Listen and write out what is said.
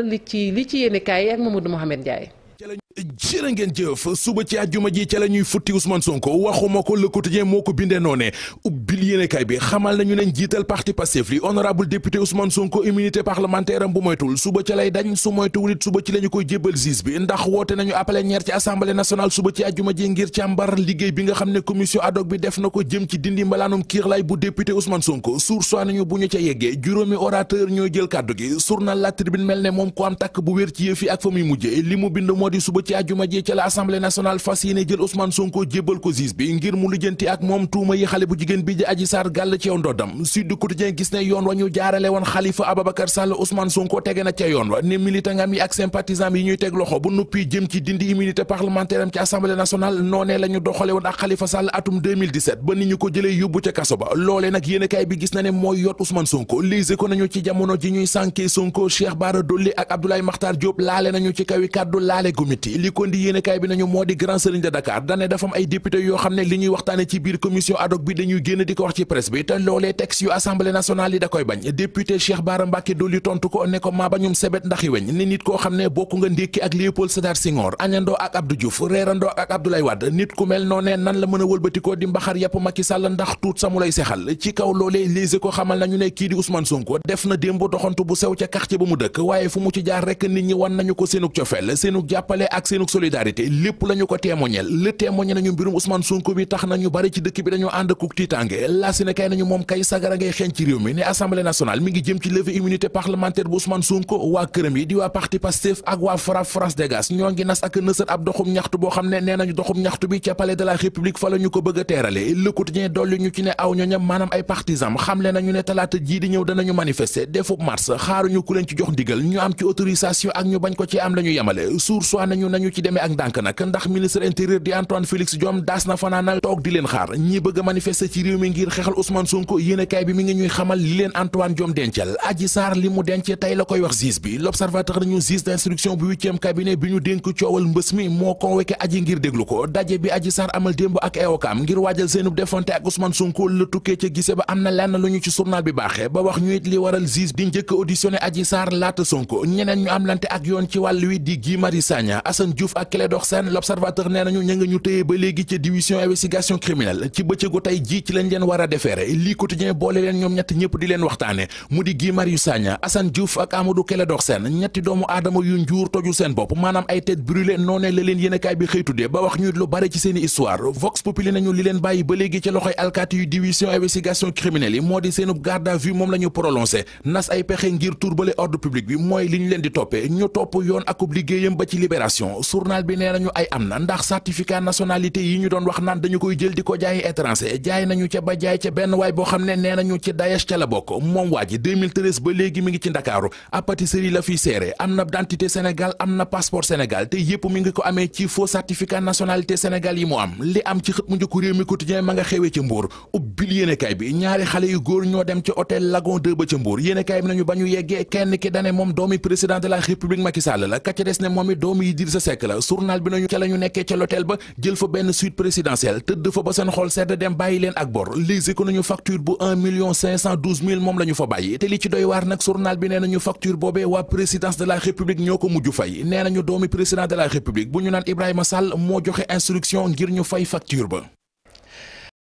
li ci li ci yéene kaay ak Mamadou Mouhamed Ndiaye. jërë ngeen jëf suba ci àjjuma ji ca la ñuy futti Ousmane Sonko waxuma ko Le Quotidien moo ko bindee noo ne ubbil yéenekaay bi xamal nañu ne njiital parti Pastef li honorable député Ousmane Sonko immunité parlementaire am bu moytuwul suba ca lay dañ su moytuwul it suba ci la koy jébbal juge bi ndax woote nañu appelé ñeer ci assemblée nationale suba ci àjjuma ji ngir càmbar liggéey bi nga xam ne commission ad bi def na ko jëm ci dindi mbalaanum kiirlay bu député Ousmane Sonko bu ñu ca yeggee juróomi orateur jël kàddu gi mel ne moom li mu bind moo di suba ci ajuma ji ci la assemblée nationale fas yéene jël Ousmane Sonko jébbal ko juge bi ngir mu lijjanti ak moom tuuma yi xale bu jigéen bi di Adji Sarr gàll ci yow ndoddam Sud Quotidien gis ne yoon wa ñu jaarale woon Khalifa Ababacar Sall Ousmane Sonko tege na ca yoon wa ne militantam yi ak sympathisant yi ñuy teg loxo bu nuppi jëm ci dindi immunité parlementaire am ci assemblée nationale noonee la ñu doxale woon ak Khalifa Sall atum 2017 ba ni ñu ko jëlee yóbbu ca kaso ba na ne mooy yot Ousmane Sonko ci jamono ji ñuy sànkee Sonko Cheikh Bara Dolly ak Abdoulaye nañu ci kawi kàddu laale gumiti yi li ko ndi yéenekaay bi nañu moo di grand sëriñ de Dakar dane dafa ay député yoo xam ne li ñuy waxtaane ci biir commission ad hoc bi dañuy génn di ko wax ci presse bi te loolee texte yu assemblée nationale yi da koy bañ député Cheikh Bara Mbacké Dolly tontu ko ne ko bañum sebet ndaxi weñ ni nit koo xam ne bokku nga ndékki ak Léopold Sédar Senghor añandoo ak Abdou Diouf reerandoo ak Abdoulaye Wade nit ku mel noo nan la mën a wëlbatikoo di mbaxar yàpp Macky Sall ndax tuut samu lay sexal ci kaw loolee léegi ko xamal nañu ne kii di Ousmane Sonko def na bu sew ca quartier ba mu dëkk waaye fu jaar rek nit ñi wan nañu ko seenug cofeel seenug jàppale ak ak seenuk solidarité lépp la ñu ko témoignel le témoigné nañu mbirum Ousmane Sonko bi tax nañu bari ci dëkk bi dañoo ànd akuk tiitange la si kay nañu moom kay sagara ngay xeeñ ci réew mi ne assemblée nationale mi ngi jëm ci levée immunité parlementaire bu Ousmane Sonko waa këram yi di waa parti Pastef ak waa FRAPP France Dégage ñoo ngi nas ak nësat ab doxum ñaxtu boo xam ne nee nañu doxum ñaxtu bi ca palais république fa la ko bëgg a teerale Le Quotidien dolli ñu ci ne aw ñoñam maanaam ay partisan ko ci am nañu ci demee ak ndànk nag ndax ministre intérieur di Antoine Félix Diome daas na fanaanal toog di leen xaar ñi bëgg a manifester ci réew mi ngir xeexal Ousmane Sonko yéenekaay bi mi ngi ñuy xamal li leen Antoine Diome dencal Adji Sarr li mu denc tey la koy wax juge bi l'observateur nañu juge d'instruction bu huitième cabinet bi ñu dénk coowal mbës mi moo convoqué aji ngir déglu ko daje bi Adji Sarr amal démb ak ewokaam ngir waajal seenub defante ak Ousmane Sonko la tukkee ca gise ba am na lenn lu ñu ci journal bi baaxee ba wax ñu it waral juge di njëkk auditionné Adji Sarr laata Sonko ñeneen ñu am lante ak yoon ci wàll wi di Guy Marius Sagna Assane Diouf ak Clédor Sène l'observateur nee nañu ñu ngi ñu téye ba léegi ci division investigation criminelle ci bëccëgu tey jii ci leen war defeere lii quotidien boole leen ñoom ñett ñëpp di leen waxtaane mu di Guy Marius Sagna Assane Diouf ak Amadou Clédor Sène ñetti doomu aadama yu njuur toju seen bopp maanaam ay tête brûlée noonee la leen yéenekaay bi xëy tuddee ba wax ñuy lu bare ci seen histoire Vox Populi nañu li leen bàyyi ba léegi ci loxoy immigration journal bi nee nañu ay am na ndax certificat nationalité yi ñu doon wax naan dañu koy jël di ko jaayi étranger jaay nañu ca ba jaay ca benn waay boo xam ne nee nañu ci Daesh ca la bokk moom waa ji 2013 ba léegi mi ngi ci Ndakaaru ab pâtisserie la fiy seere am na identité Sénégal am na passeport Sénégal te yépp mu ngi ko amee ci foo certificat nationalité Sénégal yi mu am li am ci xët mu njëkk réew mi quotidien ma nga xewee ca mbuur pile yéenekaay bi ñaari xale yu góor ñoo dem ci hôtel Lagon 2 ca Mbour yéenekaay bi nañu ba ñu yeggee kenn ki dane moom doomi président de la république Macky Sall la ka ca des ne moom it doomi Idrissa Seck la journal bi nañu ca la ñu nekkee ca l'hôtel ba jël fa benn suite présidentielle tëdd fa ba seen xol sedd dem bàyyi leen ak bor lisi ko nañu facture bu million moom la ñu fa bàyyi te li ci doy waar nag journal bi nee nañu facture boobee waa présidence de ngir ñu fay facture ba